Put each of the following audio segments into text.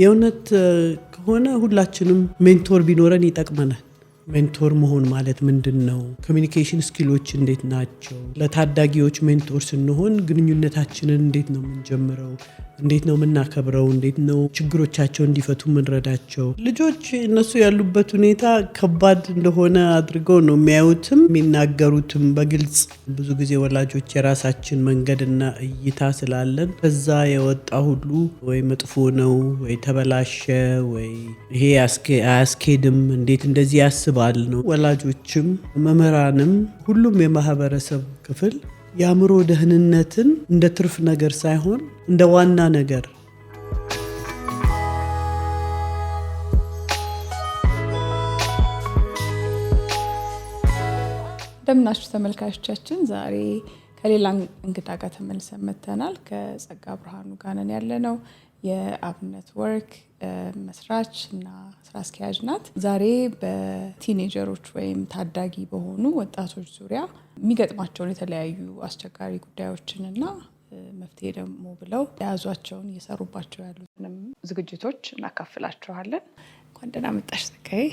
የእውነት ከሆነ ሁላችንም ሜንቶር ቢኖረን ይጠቅመናል። ሜንቶር መሆን ማለት ምንድን ነው? ኮሚኒኬሽን ስኪሎች እንዴት ናቸው? ለታዳጊዎች ሜንቶር ስንሆን ግንኙነታችንን እንዴት ነው የምንጀምረው? እንዴት ነው የምናከብረው? እንዴት ነው ችግሮቻቸው እንዲፈቱ የምንረዳቸው? ልጆች እነሱ ያሉበት ሁኔታ ከባድ እንደሆነ አድርገው ነው የሚያዩትም የሚናገሩትም በግልጽ ብዙ ጊዜ ወላጆች የራሳችን መንገድና እይታ ስላለን ከዛ የወጣ ሁሉ ወይ መጥፎ ነው ወይ ተበላሸ ወይ ይሄ አያስኬድም እንዴት እንደዚህ ያስብ በዓል ነው። ወላጆችም፣ መምህራንም፣ ሁሉም የማህበረሰብ ክፍል የአእምሮ ደህንነትን እንደ ትርፍ ነገር ሳይሆን እንደ ዋና ነገር እንደምናችሁ ተመልካቾቻችን፣ ዛሬ ከሌላ እንግዳ ጋር ተመልሰን መጥተናል። ከጸጋ ብርሃኑ ጋር ነን ያለ ነው። የአብነት ወርክ መስራች እና ስራ አስኪያጅ ናት። ዛሬ በቲኔጀሮች ወይም ታዳጊ በሆኑ ወጣቶች ዙሪያ የሚገጥማቸውን የተለያዩ አስቸጋሪ ጉዳዮችን እና መፍትሄ ደግሞ ብለው የያዟቸውን እየሰሩባቸው ያሉትንም ዝግጅቶች እናካፍላችኋለን። እንኳን ደህና መጣሽ ፀጋዬ።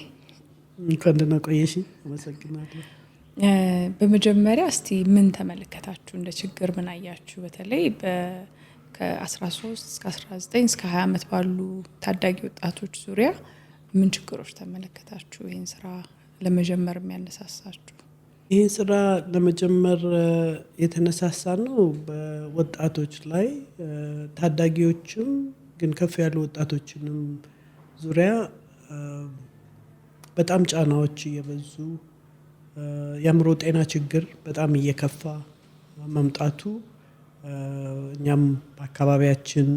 እንኳን ደህና ቆየሽ። አመሰግናለሁ። በመጀመሪያ እስቲ ምን ተመለከታችሁ? እንደ ችግር ምን አያችሁ? በተለይ ከ13 እስከ 19 እስከ 20 ዓመት ባሉ ታዳጊ ወጣቶች ዙሪያ ምን ችግሮች ተመለከታችሁ? ይህን ስራ ለመጀመር የሚያነሳሳችሁ? ይህን ስራ ለመጀመር የተነሳሳ ነው በወጣቶች ላይ ታዳጊዎችም፣ ግን ከፍ ያሉ ወጣቶችንም ዙሪያ በጣም ጫናዎች እየበዙ የአእምሮ ጤና ችግር በጣም እየከፋ መምጣቱ እኛም በአካባቢያችን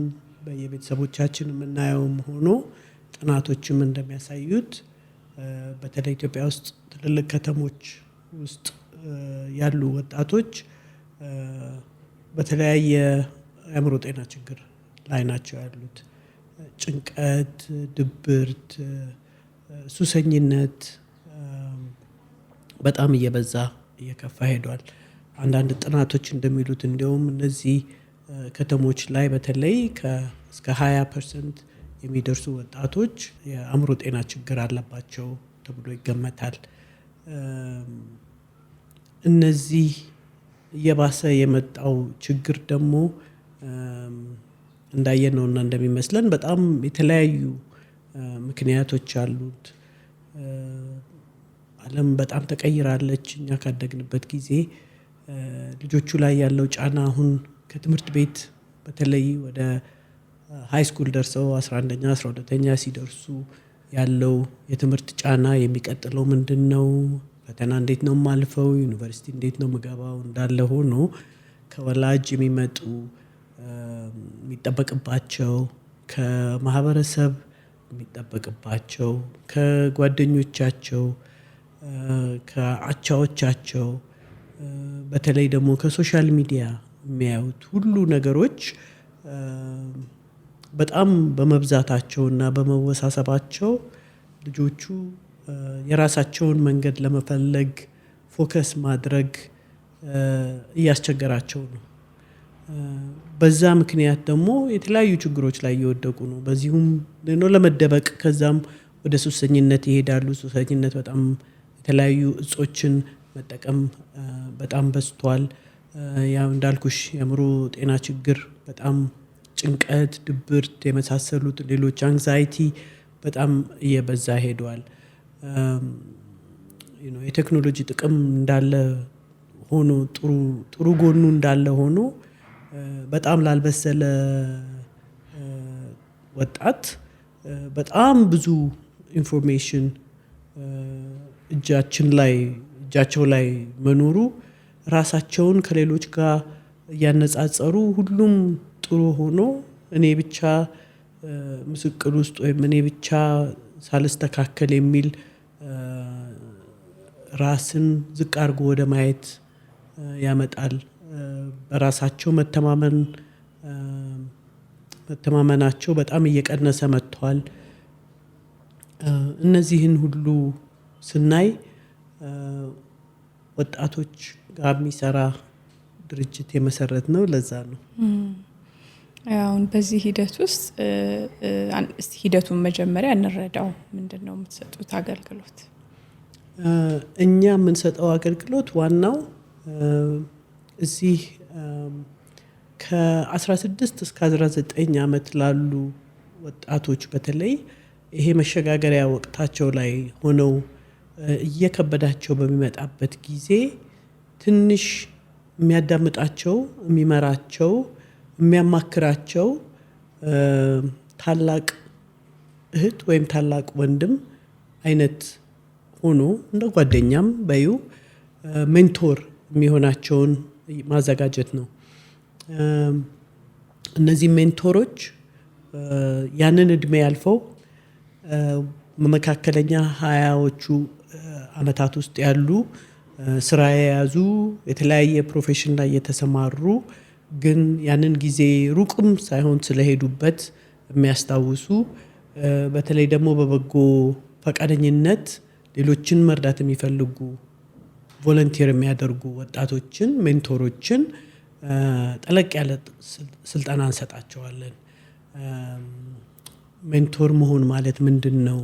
በየቤተሰቦቻችን የምናየውም ሆኖ ጥናቶችም እንደሚያሳዩት በተለይ ኢትዮጵያ ውስጥ ትልልቅ ከተሞች ውስጥ ያሉ ወጣቶች በተለያየ አእምሮ ጤና ችግር ላይ ናቸው ያሉት። ጭንቀት፣ ድብርት፣ ሱሰኝነት በጣም እየበዛ እየከፋ ሄዷል። አንዳንድ ጥናቶች እንደሚሉት እንዲሁም እነዚህ ከተሞች ላይ በተለይ እስከ 20 ፐርሰንት የሚደርሱ ወጣቶች የአእምሮ ጤና ችግር አለባቸው ተብሎ ይገመታል። እነዚህ እየባሰ የመጣው ችግር ደግሞ እና እንደሚመስለን በጣም የተለያዩ ምክንያቶች አሉት። አለም በጣም ተቀይራለች። እኛ ካደግንበት ጊዜ ልጆቹ ላይ ያለው ጫና አሁን ከትምህርት ቤት በተለይ ወደ ሀይ ስኩል ደርሰው 11ኛ 12ኛ ሲደርሱ ያለው የትምህርት ጫና የሚቀጥለው ምንድን ነው? ፈተና እንዴት ነው የማልፈው? ዩኒቨርሲቲ እንዴት ነው ምገባው እንዳለ ሆኖ ከወላጅ የሚመጡ የሚጠበቅባቸው ከማህበረሰብ የሚጠበቅባቸው ከጓደኞቻቸው ከአቻዎቻቸው በተለይ ደግሞ ከሶሻል ሚዲያ የሚያዩት ሁሉ ነገሮች በጣም እና በመወሳሰባቸው ልጆቹ የራሳቸውን መንገድ ለመፈለግ ፎከስ ማድረግ እያስቸገራቸው ነው። በዛ ምክንያት ደግሞ የተለያዩ ችግሮች ላይ እየወደቁ ነው። በዚሁም ለመደበቅ ከዛም ወደ ሶስተኝነት ይሄዳሉ። ሶስተኝነት በጣም የተለያዩ እጾችን መጠቀም በጣም በዝቷል። ያው እንዳልኩሽ የአእምሮ ጤና ችግር በጣም ጭንቀት ድብርት የመሳሰሉት ሌሎች አንግዛይቲ በጣም እየበዛ ሄደዋል። የቴክኖሎጂ ጥቅም እንዳለ ሆኖ ጥሩ ጎኑ እንዳለ ሆኖ በጣም ላልበሰለ ወጣት በጣም ብዙ ኢንፎርሜሽን እጃችን ላይ እጃቸው ላይ መኖሩ ራሳቸውን ከሌሎች ጋር እያነጻጸሩ ሁሉም ጥሩ ሆኖ እኔ ብቻ ምስቅል ውስጥ ወይም እኔ ብቻ ሳልስተካከል የሚል ራስን ዝቅ አድርጎ ወደ ማየት ያመጣል። በራሳቸው መተማመን መተማመናቸው በጣም እየቀነሰ መጥተዋል። እነዚህን ሁሉ ስናይ ወጣቶች ጋር የሚሰራ ድርጅት የመሰረት ነው። ለዛ ነው አሁን በዚህ ሂደት ውስጥ ሂደቱን መጀመሪያ እንረዳው። ምንድን ነው የምትሰጡት አገልግሎት? እኛ የምንሰጠው አገልግሎት ዋናው እዚህ ከ16 እስከ 19 ዓመት ላሉ ወጣቶች በተለይ ይሄ መሸጋገሪያ ወቅታቸው ላይ ሆነው እየከበዳቸው በሚመጣበት ጊዜ ትንሽ የሚያዳምጣቸው የሚመራቸው የሚያማክራቸው ታላቅ እህት ወይም ታላቅ ወንድም አይነት ሆኖ እንደ ጓደኛም በዩ ሜንቶር የሚሆናቸውን ማዘጋጀት ነው። እነዚህ ሜንቶሮች ያንን እድሜ ያልፈው መካከለኛ ሀያዎቹ ዓመታት ውስጥ ያሉ ስራ የያዙ የተለያየ ፕሮፌሽን ላይ የተሰማሩ ግን ያንን ጊዜ ሩቅም ሳይሆን ስለሄዱበት የሚያስታውሱ በተለይ ደግሞ በበጎ ፈቃደኝነት ሌሎችን መርዳት የሚፈልጉ ቮለንቲር የሚያደርጉ ወጣቶችን፣ ሜንቶሮችን ጠለቅ ያለ ስልጠና እንሰጣቸዋለን። ሜንቶር መሆን ማለት ምንድን ነው?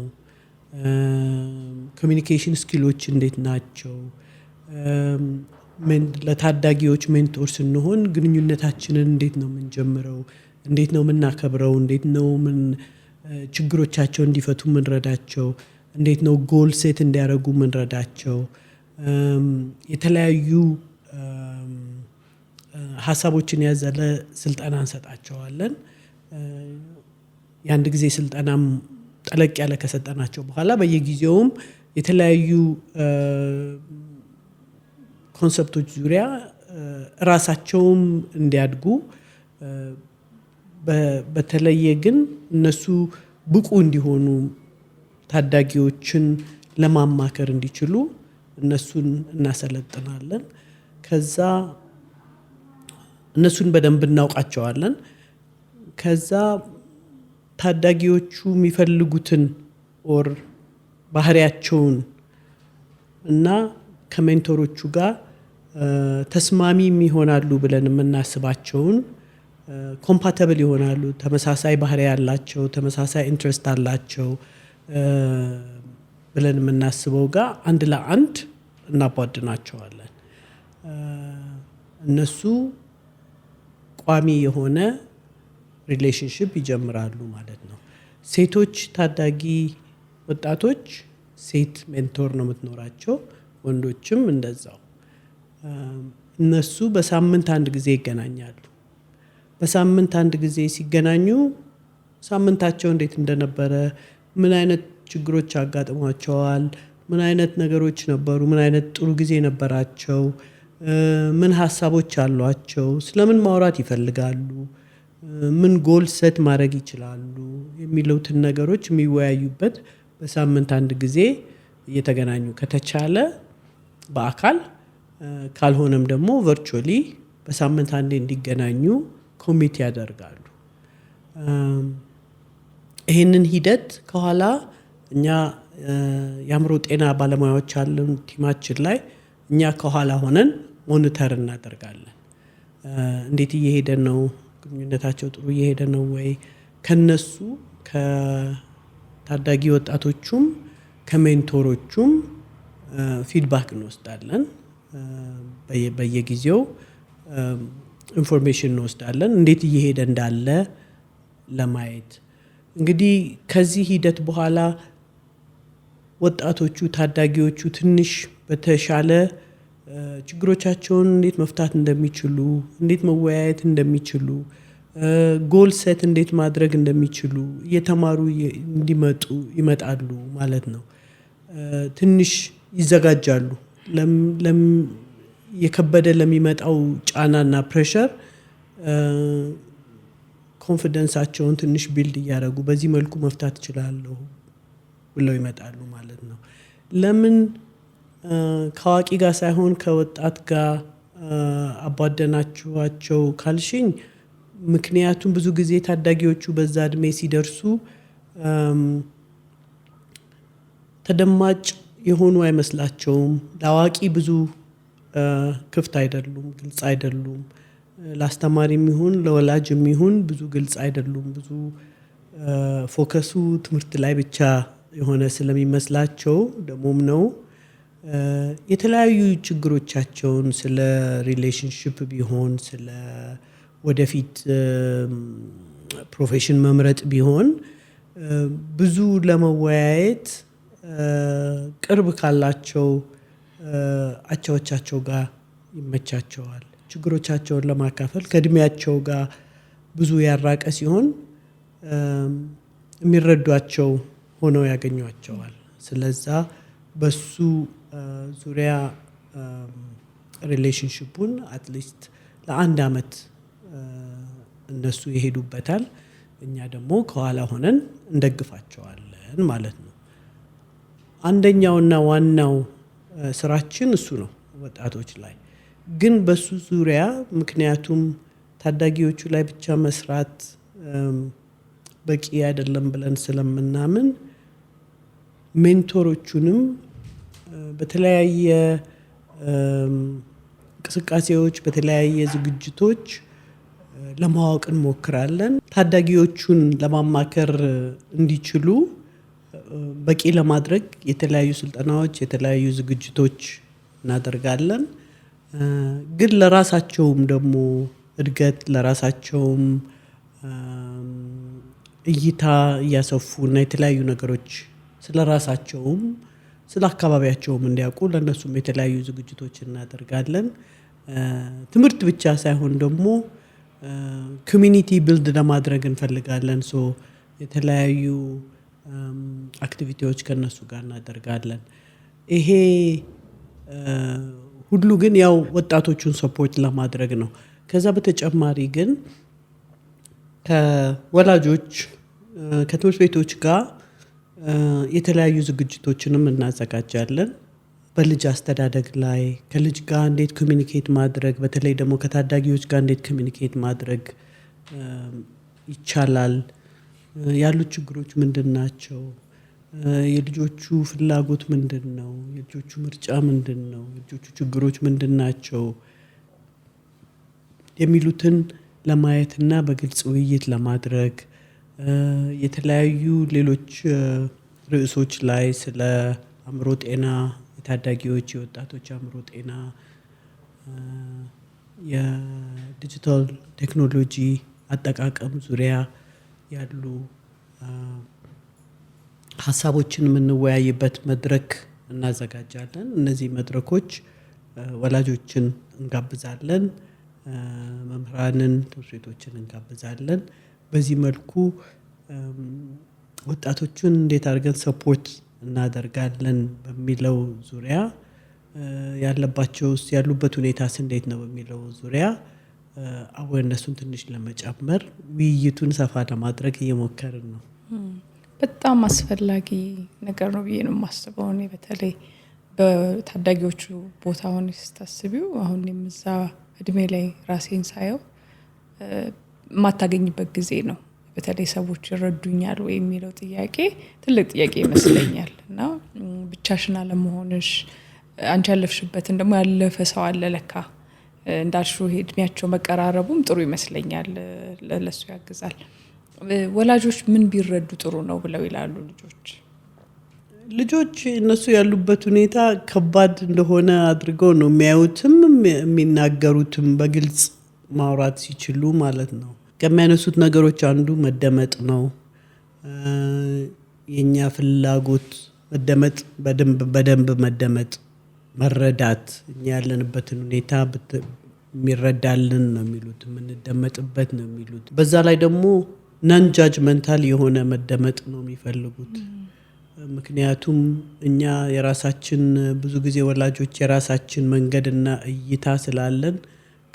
ኮሚኒኬሽን um, ስኪሎች እንዴት ናቸው? Um, ለታዳጊዎች ሜንቶር ስንሆን ግንኙነታችንን እንዴት ነው የምንጀምረው? እንዴት ነው የምናከብረው? እንዴት ነው ምን ችግሮቻቸው እንዲፈቱ ምንረዳቸው እንዴት ነው ጎል ሴት እንዲያደርጉ ምንረዳቸው um, የተለያዩ ሀሳቦችን ያዘለ ስልጠና እንሰጣቸዋለን። uh, የአንድ ጊዜ ስልጠናም ጠለቅ ያለ ከሰጠናቸው በኋላ በየጊዜውም የተለያዩ ኮንሰፕቶች ዙሪያ ራሳቸውም እንዲያድጉ በተለየ ግን እነሱ ብቁ እንዲሆኑ ታዳጊዎችን ለማማከር እንዲችሉ እነሱን እናሰለጥናለን። ከዛ እነሱን በደንብ እናውቃቸዋለን። ከዛ ታዳጊዎቹ የሚፈልጉትን ኦር ባህሪያቸውን እና ከሜንቶሮቹ ጋር ተስማሚ ይሆናሉ ብለን የምናስባቸውን ኮምፓተብል ይሆናሉ፣ ተመሳሳይ ባህሪ ያላቸው፣ ተመሳሳይ ኢንትረስት አላቸው ብለን የምናስበው ጋር አንድ ለአንድ እናቧድናቸዋለን። እነሱ ቋሚ የሆነ ሪሌሽንሽፕ ይጀምራሉ ማለት ነው። ሴቶች ታዳጊ ወጣቶች ሴት ሜንቶር ነው የምትኖራቸው፣ ወንዶችም እንደዛው። እነሱ በሳምንት አንድ ጊዜ ይገናኛሉ። በሳምንት አንድ ጊዜ ሲገናኙ ሳምንታቸው እንዴት እንደነበረ፣ ምን አይነት ችግሮች አጋጥሟቸዋል፣ ምን አይነት ነገሮች ነበሩ፣ ምን አይነት ጥሩ ጊዜ ነበራቸው፣ ምን ሀሳቦች አሏቸው፣ ስለምን ማውራት ይፈልጋሉ ምን ጎል ሰት ማድረግ ይችላሉ የሚሉትን ነገሮች የሚወያዩበት በሳምንት አንድ ጊዜ እየተገናኙ ከተቻለ በአካል ካልሆነም ደግሞ ቨርቹዋሊ በሳምንት አንዴ እንዲገናኙ ኮሚቴ ያደርጋሉ። ይህንን ሂደት ከኋላ እኛ የአእምሮ ጤና ባለሙያዎች ያለን ቲማችን ላይ እኛ ከኋላ ሆነን ሞኒተር እናደርጋለን። እንዴት እየሄደ ነው ግንኙነታቸው ጥሩ እየሄደ ነው ወይ ከነሱ ከታዳጊ ወጣቶቹም ከሜንቶሮቹም ፊድባክ እንወስዳለን። በየጊዜው ኢንፎርሜሽን እንወስዳለን እንዴት እየሄደ እንዳለ ለማየት እንግዲህ ከዚህ ሂደት በኋላ ወጣቶቹ ታዳጊዎቹ ትንሽ በተሻለ ችግሮቻቸውን እንዴት መፍታት እንደሚችሉ እንዴት መወያየት እንደሚችሉ ጎል ሴት እንዴት ማድረግ እንደሚችሉ እየተማሩ እንዲመጡ ይመጣሉ ማለት ነው። ትንሽ ይዘጋጃሉ። የከበደ ለሚመጣው ጫና ና ፕሬሸር ኮንፊደንሳቸውን ትንሽ ቢልድ እያደረጉ በዚህ መልኩ መፍታት ይችላለሁ ብለው ይመጣሉ ማለት ነው። ለምን ከአዋቂ ጋር ሳይሆን ከወጣት ጋር አቧደናችኋቸው ካልሽኝ ምክንያቱም ብዙ ጊዜ ታዳጊዎቹ በዛ እድሜ ሲደርሱ ተደማጭ የሆኑ አይመስላቸውም። ለአዋቂ ብዙ ክፍት አይደሉም፣ ግልጽ አይደሉም። ለአስተማሪ የሚሆን ለወላጅ የሚሆን ብዙ ግልጽ አይደሉም። ብዙ ፎከሱ ትምህርት ላይ ብቻ የሆነ ስለሚመስላቸው ደግሞም ነው የተለያዩ ችግሮቻቸውን ስለ ሪሌሽንሽፕ ቢሆን ስለ ወደፊት ፕሮፌሽን መምረጥ ቢሆን ብዙ ለመወያየት ቅርብ ካላቸው አቻዎቻቸው ጋር ይመቻቸዋል። ችግሮቻቸውን ለማካፈል ከእድሜያቸው ጋር ብዙ ያራቀ ሲሆን የሚረዷቸው ሆነው ያገኟቸዋል። ስለዛ በሱ ዙሪያ ሪሌሽንሽፑን አትሊስት ለአንድ አመት እነሱ ይሄዱበታል፣ እኛ ደግሞ ከኋላ ሆነን እንደግፋቸዋለን ማለት ነው። አንደኛውና ዋናው ስራችን እሱ ነው ወጣቶች ላይ ግን በሱ ዙሪያ ምክንያቱም ታዳጊዎቹ ላይ ብቻ መስራት በቂ አይደለም ብለን ስለምናምን ሜንቶሮቹንም በተለያየ እንቅስቃሴዎች በተለያየ ዝግጅቶች ለማወቅ እንሞክራለን። ታዳጊዎቹን ለማማከር እንዲችሉ በቂ ለማድረግ የተለያዩ ስልጠናዎች የተለያዩ ዝግጅቶች እናደርጋለን። ግን ለራሳቸውም ደግሞ እድገት ለራሳቸውም እይታ እያሰፉ እና የተለያዩ ነገሮች ስለራሳቸውም ስለ አካባቢያቸውም እንዲያውቁ ለእነሱም የተለያዩ ዝግጅቶች እናደርጋለን። ትምህርት ብቻ ሳይሆን ደግሞ ኮሚኒቲ ቢልድ ለማድረግ እንፈልጋለን። ሶ የተለያዩ አክቲቪቲዎች ከእነሱ ጋር እናደርጋለን። ይሄ ሁሉ ግን ያው ወጣቶቹን ሰፖርት ለማድረግ ነው። ከዛ በተጨማሪ ግን ከወላጆች ከትምህርት ቤቶች ጋር የተለያዩ ዝግጅቶችንም እናዘጋጃለን። በልጅ አስተዳደግ ላይ ከልጅ ጋር እንዴት ኮሚኒኬት ማድረግ በተለይ ደግሞ ከታዳጊዎች ጋር እንዴት ኮሚኒኬት ማድረግ ይቻላል? ያሉት ችግሮች ምንድን ናቸው? የልጆቹ ፍላጎት ምንድን ነው የልጆቹ ምርጫ ነው የልጆቹ ችግሮች ምንድን ናቸው? የሚሉትን ለማየትና በግልጽ ውይይት ለማድረግ የተለያዩ ሌሎች ርዕሶች ላይ ስለ አእምሮ ጤና የታዳጊዎች የወጣቶች አእምሮ ጤና የዲጂታል ቴክኖሎጂ አጠቃቀም ዙሪያ ያሉ ሀሳቦችን የምንወያይበት መድረክ እናዘጋጃለን። እነዚህ መድረኮች ወላጆችን እንጋብዛለን መምህራንን ትምህርት ቤቶችን እንጋብዛለን በዚህ መልኩ ወጣቶቹን እንዴት አድርገን ሰፖርት እናደርጋለን በሚለው ዙሪያ ያለባቸው ያሉበት ሁኔታስ እንዴት ነው በሚለው ዙሪያ አወርነሱን ትንሽ ለመጨመር ውይይቱን ሰፋ ለማድረግ እየሞከርን ነው። በጣም አስፈላጊ ነገር ነው ብዬ ነው የማስበው። እኔ በተለይ በታዳጊዎቹ ቦታ ሆን ስታስቢው አሁን የምዛ እድሜ ላይ ራሴን ሳየው የማታገኝበት ጊዜ ነው። በተለይ ሰዎች ይረዱኛል ወይ የሚለው ጥያቄ ትልቅ ጥያቄ ይመስለኛል እና ብቻሽን አለመሆንሽ አንቺ ያለፍሽበትን ደግሞ ያለፈ ሰው አለ ለካ እንዳልሽው እድሜያቸው መቀራረቡም ጥሩ ይመስለኛል፣ ለሱ ያግዛል። ወላጆች ምን ቢረዱ ጥሩ ነው ብለው ይላሉ ልጆች? ልጆች እነሱ ያሉበት ሁኔታ ከባድ እንደሆነ አድርገው ነው የሚያዩትም የሚናገሩትም በግልጽ ማውራት ሲችሉ ማለት ነው። ከሚያነሱት ነገሮች አንዱ መደመጥ ነው። የኛ ፍላጎት መደመጥ በደንብ በደንብ መደመጥ መረዳት እኛ ያለንበትን ሁኔታ የሚረዳልን ነው የሚሉት የምንደመጥበት ነው የሚሉት። በዛ ላይ ደግሞ ነን ጃጅመንታል የሆነ መደመጥ ነው የሚፈልጉት። ምክንያቱም እኛ የራሳችን ብዙ ጊዜ ወላጆች የራሳችን መንገድና እይታ ስላለን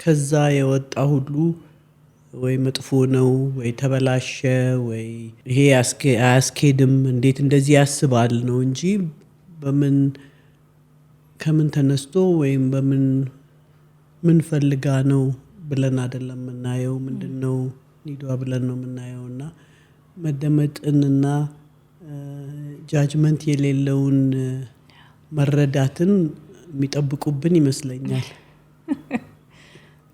ከዛ የወጣ ሁሉ ወይ መጥፎ ነው ወይ ተበላሸ ወይ ይሄ አያስኬድም እንዴት እንደዚህ ያስባል ነው እንጂ በምን ከምን ተነስቶ ወይም በምን ምን ፈልጋ ነው ብለን አይደለም የምናየው። ምንድን ነው ኒዷ ብለን ነው የምናየው። እና መደመጥንና ጃጅመንት የሌለውን መረዳትን የሚጠብቁብን ይመስለኛል።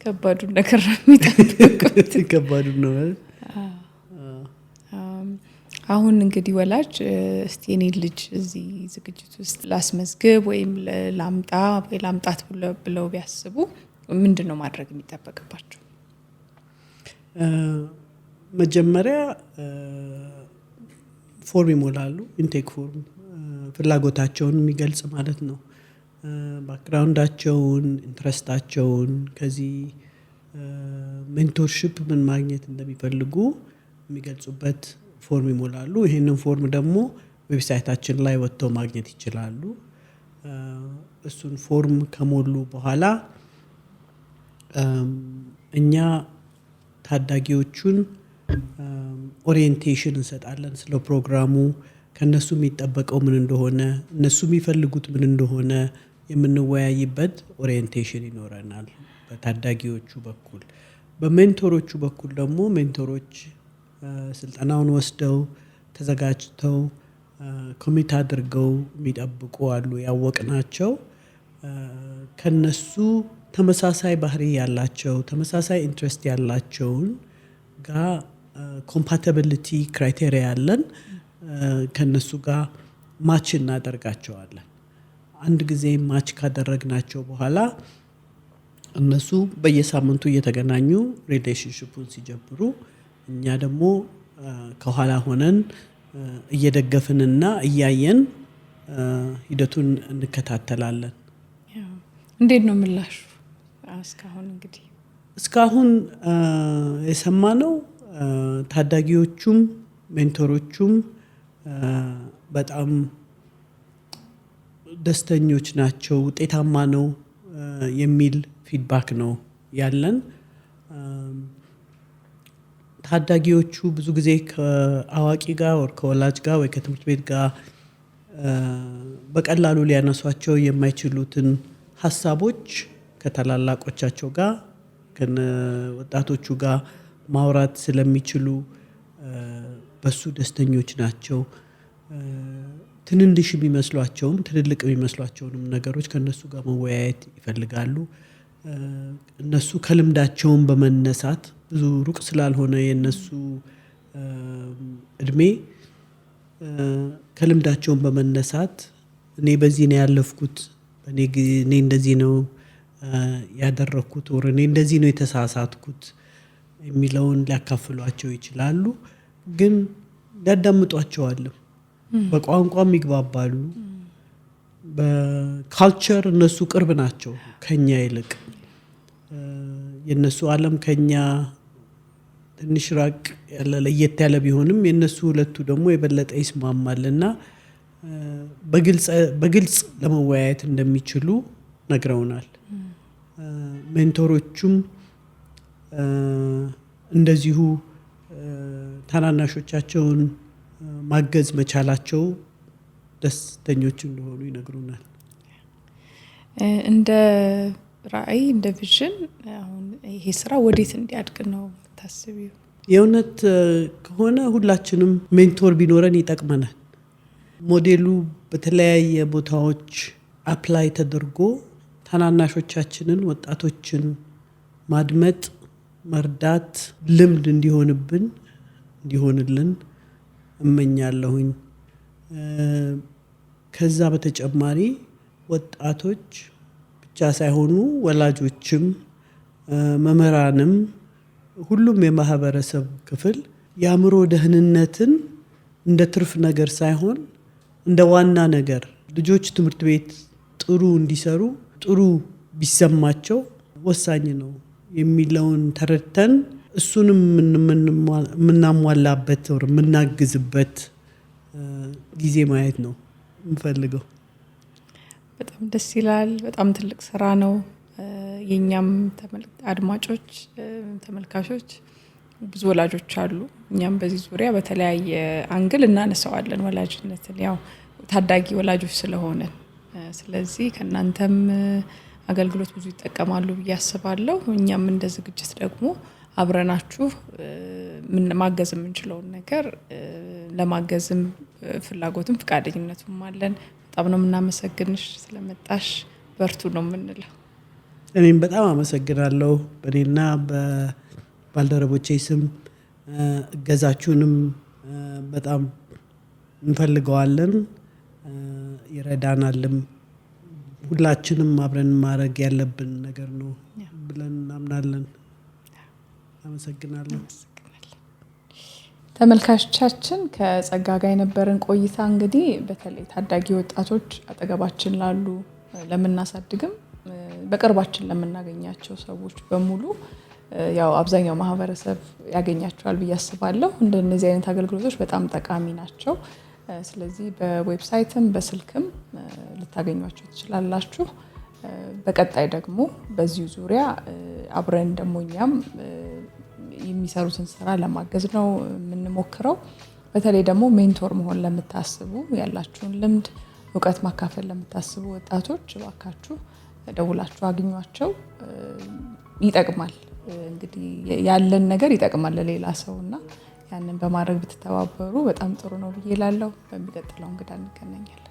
ከባዱን ነገር ነው ከባዱን ነው አሁን እንግዲህ ወላጅ እስቲ የኔን ልጅ እዚህ ዝግጅት ውስጥ ላስመዝግብ ወይም ላምጣ ወይ ላምጣት ብለው ቢያስቡ ምንድን ነው ማድረግ የሚጠበቅባቸው? መጀመሪያ ፎርም ይሞላሉ። ኢንቴክ ፎርም ፍላጎታቸውን የሚገልጽ ማለት ነው። ባክግራውንዳቸውን ኢንትረስታቸውን ከዚህ ሜንቶርሽፕ ምን ማግኘት እንደሚፈልጉ የሚገልጹበት ፎርም ይሞላሉ። ይህንን ፎርም ደግሞ ዌብሳይታችን ላይ ወጥተው ማግኘት ይችላሉ። እሱን ፎርም ከሞሉ በኋላ እኛ ታዳጊዎቹን ኦሪየንቴሽን እንሰጣለን ስለ ፕሮግራሙ ከእነሱ የሚጠበቀው ምን እንደሆነ እነሱ የሚፈልጉት ምን እንደሆነ የምንወያይበት ኦሪየንቴሽን ይኖረናል። በታዳጊዎቹ በኩል በሜንቶሮቹ በኩል ደግሞ ሜንቶሮች ስልጠናውን ወስደው ተዘጋጅተው ኮሚት አድርገው የሚጠብቁ አሉ ናቸው። ከነሱ ተመሳሳይ ባህሪ ያላቸው ተመሳሳይ ኢንትረስት ያላቸውን ጋር ኮምፓታብሊቲ ክራይቴሪያ ያለን ከነሱ ጋር ማች እናደርጋቸዋለን። አንድ ጊዜ ማች ካደረግናቸው በኋላ እነሱ በየሳምንቱ እየተገናኙ ሪሌሽንሽፑን ሲጀምሩ እኛ ደግሞ ከኋላ ሆነን እየደገፍንና እያየን ሂደቱን እንከታተላለን። እንዴት ነው ምላሹ? እስካሁን እንግዲህ እስካሁን ነው ታዳጊዎቹም ሜንቶሮቹም በጣም ደስተኞች ናቸው፣ ውጤታማ ነው የሚል ፊድባክ ነው ያለን። ታዳጊዎቹ ብዙ ጊዜ ከአዋቂ ጋር ወር ከወላጅ ጋር ወይ ከትምህርት ቤት ጋር በቀላሉ ሊያነሷቸው የማይችሉትን ሀሳቦች ከታላላቆቻቸው ጋር ከወጣቶቹ ጋር ማውራት ስለሚችሉ በሱ ደስተኞች ናቸው። ትንንሽ የሚመስሏቸውም ትልልቅ የሚመስሏቸውንም ነገሮች ከእነሱ ጋር መወያየት ይፈልጋሉ። እነሱ ከልምዳቸውን በመነሳት ብዙ ሩቅ ስላልሆነ የእነሱ እድሜ ከልምዳቸውን በመነሳት እኔ በዚህ ነው ያለፍኩት፣ እኔ እንደዚህ ነው ያደረግኩት፣ ወር እኔ እንደዚህ ነው የተሳሳትኩት የሚለውን ሊያካፍሏቸው ይችላሉ። ግን ሊያዳምጧቸዋለም በቋንቋም ይግባባሉ። በካልቸር እነሱ ቅርብ ናቸው ከኛ ይልቅ። የእነሱ አለም ከኛ ትንሽ ራቅ ያለ ለየት ያለ ቢሆንም የእነሱ ሁለቱ ደግሞ የበለጠ ይስማማል እና በግልጽ ለመወያየት እንደሚችሉ ነግረውናል። ሜንቶሮቹም እንደዚሁ ታናናሾቻቸውን ማገዝ መቻላቸው ደስተኞች እንደሆኑ ይነግሩናል። እንደ ራዕይ እንደ ቪዥን አሁን ይሄ ስራ ወዴት እንዲያድግ ነው ታስቢው? የእውነት ከሆነ ሁላችንም ሜንቶር ቢኖረን ይጠቅመናል። ሞዴሉ በተለያየ ቦታዎች አፕላይ ተደርጎ ታናናሾቻችንን፣ ወጣቶችን ማድመጥ፣ መርዳት ልምድ እንዲሆንብን እንዲሆንልን እመኛለሁኝ። ከዛ በተጨማሪ ወጣቶች ብቻ ሳይሆኑ ወላጆችም መምህራንም ሁሉም የማህበረሰብ ክፍል የአእምሮ ደህንነትን እንደ ትርፍ ነገር ሳይሆን እንደ ዋና ነገር ልጆች ትምህርት ቤት ጥሩ እንዲሰሩ ጥሩ ቢሰማቸው ወሳኝ ነው የሚለውን ተረድተን እሱንም የምናሟላበት ወር የምናግዝበት ጊዜ ማየት ነው የምፈልገው። በጣም ደስ ይላል። በጣም ትልቅ ስራ ነው። የእኛም አድማጮች ተመልካቾች ብዙ ወላጆች አሉ። እኛም በዚህ ዙሪያ በተለያየ አንግል እናነሰዋለን ወላጅነትን ያው ታዳጊ ወላጆች ስለሆነ ስለዚህ ከእናንተም አገልግሎት ብዙ ይጠቀማሉ ብዬ አስባለሁ። እኛም እንደ ዝግጅት ደግሞ አብረናችሁ ማገዝ የምንችለውን ነገር ለማገዝም ፍላጎትም ፍቃደኝነቱም አለን። በጣም ነው የምናመሰግንሽ ስለመጣሽ። በርቱ ነው የምንለው። እኔም በጣም አመሰግናለሁ በእኔና በባልደረቦቼ ስም እገዛችሁንም በጣም እንፈልገዋለን፣ ይረዳናልም። ሁላችንም አብረን ማድረግ ያለብን ነገር ነው ብለን እናምናለን። አመሰግናለሁ። ተመልካቾቻችን ከጸጋ ጋር የነበረን ቆይታ እንግዲህ በተለይ ታዳጊ ወጣቶች አጠገባችን ላሉ ለምናሳድግም በቅርባችን ለምናገኛቸው ሰዎች በሙሉ ያው አብዛኛው ማህበረሰብ ያገኛቸዋል ብዬ አስባለሁ። እንደነዚህ አይነት አገልግሎቶች በጣም ጠቃሚ ናቸው። ስለዚህ በዌብሳይትም በስልክም ልታገኟቸው ትችላላችሁ። በቀጣይ ደግሞ በዚሁ ዙሪያ አብረን ደግሞ እኛም የሚሰሩትን ስራ ለማገዝ ነው የምንሞክረው። በተለይ ደግሞ ሜንቶር መሆን ለምታስቡ ያላችሁን ልምድ እውቀት ማካፈል ለምታስቡ ወጣቶች እባካችሁ ደውላችሁ አግኟቸው። ይጠቅማል እንግዲህ ያለን ነገር ይጠቅማል ለሌላ ሰው እና ያንን በማድረግ ብትተባበሩ በጣም ጥሩ ነው ብዬ ላለው። በሚቀጥለው እንግዳ እንገናኛለን።